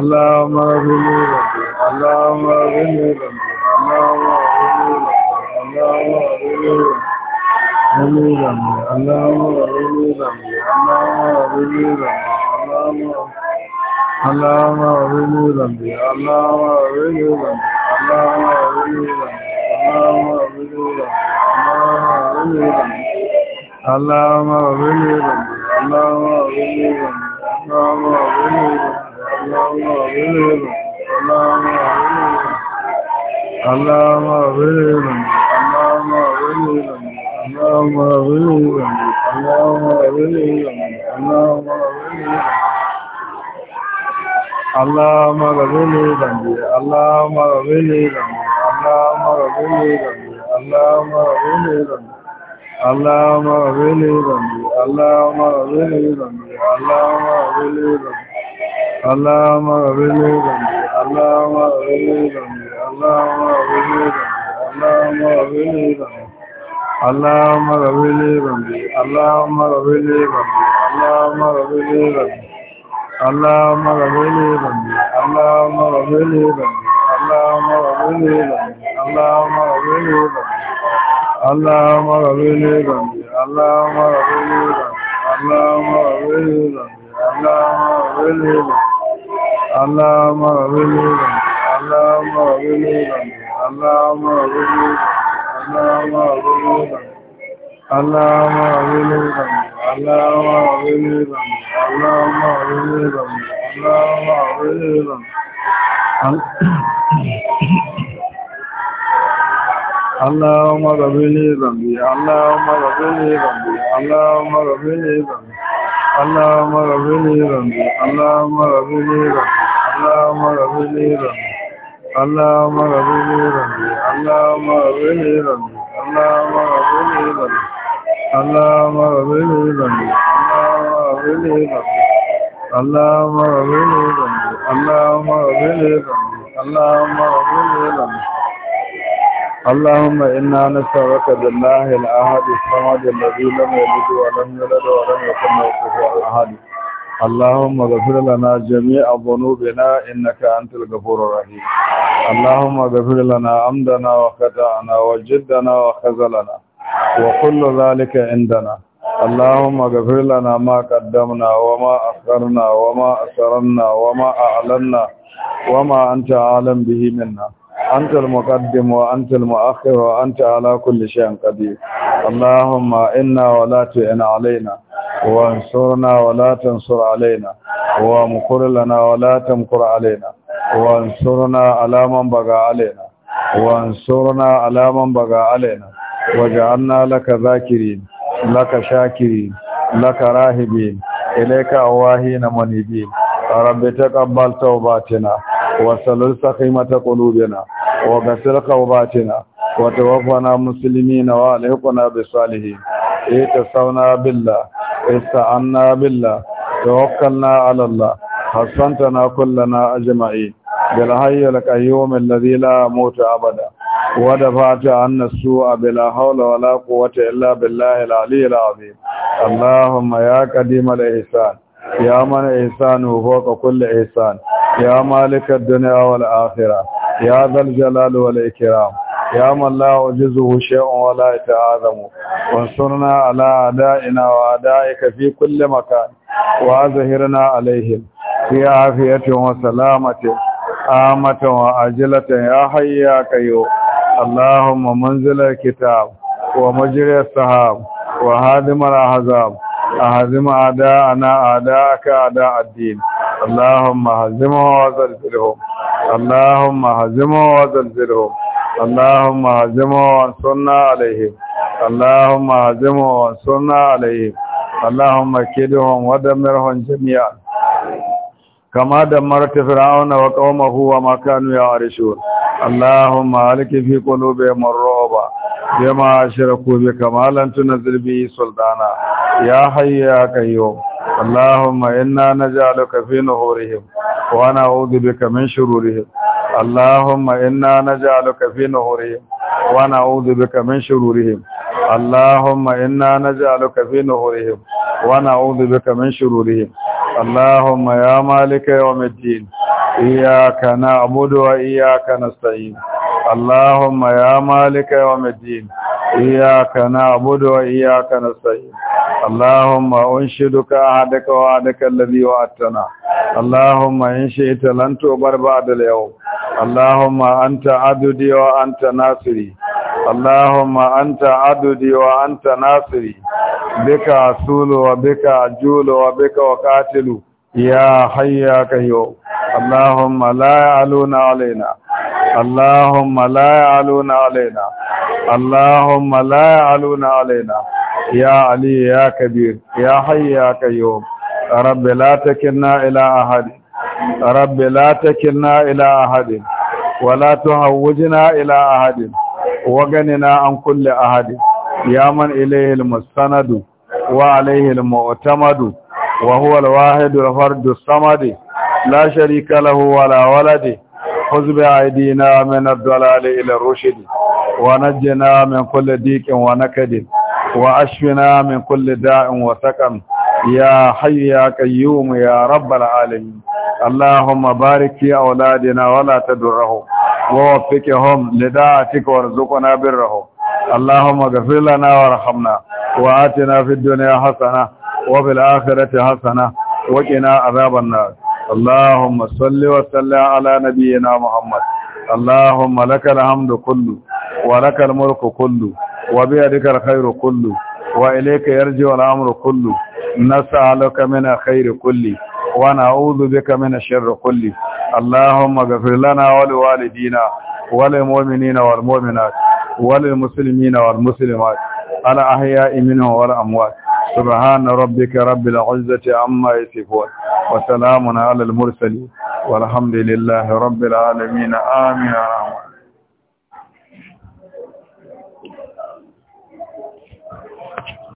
اللهم اغفر لي ذنبي اللهم اغفر لي ذنبي اللهم اغفر لي ذنبي اللهم اغفر لي ذنبي اللهم اغفر لي ذنبي اللهم اغفر لي ذنبي اللهم اغفر لي ذنبي اللهم اغفر لي ذنبي اللهم اغفر لي ذنبي اللهم اغفر لي ذنبي اللهم اغفر لي ذنبي اللهم اغفر لي ذنبي Allahumma Allahumma rabbi Allahumma rabbi Allahumma rabbi Allahumma rabbi Allahumma rabbi Allahumma rabbi Allahumma rabbi Allahumma rabbi Allahumma rabbi Allahumma rabbi Allahumma rabbi Allahumma rabbi Allahumma rabbi Allahumma rabbi Allahumma rabbana Allahumma rabbana Allahumma rabbana Allahumma rabbana Allahumma rabbana Allahumma Allah ma'a wa'ilu ilu, Allah ma'a wa'ilu ilu, Allah ma'a wa'ilu ilu, Allah ma'a wa'ilu ilu, Allah اللهم إنا نسألك بالله الأحد الصمد الذي لم يلد ولم يولد ولم يكن له كفوا أحد اللهم اغفر لنا جميع ذنوبنا إنك أنت الغفور الرحيم اللهم اغفر لنا عمدنا وخطأنا وجدنا وخزلنا وكل ذلك عندنا اللهم اغفر لنا ما قدمنا وما أخرنا وما أسررنا وما أعلنا وما أنت عالم به منا أنت المقدم وأنت المؤخر وأنت على كل شيء قدير اللهم إنا ولا تئن علينا وانصرنا ولا تنصر علينا ومكر لنا ولا تمكر علينا وانصرنا على من بغى علينا وانصرنا على من بغى علينا وجعلنا لك ذاكرين لك شاكرين لك راهبين إليك أواهين منيبين رب تقبل توباتنا wasalar sakaimata kolobina wa gasirka wa batina wa tawafana musulmi na wa alaikuna bai salihi e ta sauna billa e sa'anna billa tawakkalna alalla hasantana kullana a jima'i bil hayyar kayyomin lalila mota abada wadda fata an nasu a bil haula wala kuwata illa billahi lalila abin allahumma ya kadima da ihsan يا من إحسانه وفوق كل إحسان يا مالك الدنيا والآخرة يا ذا الجلال والإكرام يا من لا أجزه شيء ولا يتعاظم وانصرنا على أدائنا وأدائك في كل مكان وأظهرنا عليهم في عافية وسلامة آمة وعجلة يا حي يا كيو اللهم منزل الكتاب ومجري السحاب وهادم الأحزاب أهزم أعداءنا أعداءك أعداء الدين اللهم هزمهم وزلزلهم اللهم هزمهم وزلزلهم اللهم هزمهم وانصرنا عليهم اللهم هزمهم وانصرنا عليهم اللهم كيدهم ودمرهم جميعا كما دمرت فرعون وقومه وما كانوا يعرشون اللهم عليك في قلوبهم الرعب بما أشركوا بك ما لن تنزل به سلطانا يا حي يا قيوم اللهم إنا نجعلك في نهورهم ونعوذ بك من شرورهم اللهم إنا نجعلك في نهورهم ونعوذ بك من شرورهم اللهم إنا نجعلك في نهورهم ونعوذ بك من شرورهم اللهم يا مالك يوم الدين إياك نعبد وإياك نستعين اللهم يا مالك يوم الدين إياك نعبد وإياك نستعين اللهم أنشدك أعدك وعدك الذي وعدتنا اللهم إن شئت لن تؤبر بعد اليوم Allahumma anta adudi wa anta nasiri Allahumma anta adudi wa anta nasiri bika asulu wa bika ajulu wa bika waqatilu ya hayya kayyo Allahumma la ya'aluna alayna Allahumma la ya'aluna alayna Allahumma la ya'aluna alayna ya ali ya kabir ya hayya kayyo rabbi la takinna ila ahadin رب لا تكلنا إلى أحد ولا تهوجنا إلى أحد وغننا عن كل أحد يا من إليه المستند وعليه المعتمد وهو الواحد الفرد الصمد لا شريك له ولا ولد خذ بأيدينا من الضلال إلى الرشد ونجنا من كل ديك ونكد وأشفنا من كل داء وسكن يا حي يا قيوم يا رب العالمين اللهم بارك في أولادنا ولا تدرهم ووفقهم لداعتك وارزقنا برهم اللهم اغفر لنا وارحمنا وآتنا في الدنيا حسنة وفي الآخرة حسنة وقنا عذاب النار اللهم صل وسلم على نبينا محمد اللهم لك الحمد كله ولك الملك كله وبيدك الخير كله وإليك يرجع الأمر كله نسألك من خير كل ونعوذ بك من الشر كل اللهم اغفر لنا ولوالدينا وللمؤمنين والمؤمنات وللمسلمين والمسلمات على أحياء منهم والأموات سبحان ربك رب العزة عما يصفون وسلام على المرسلين والحمد لله رب العالمين آمين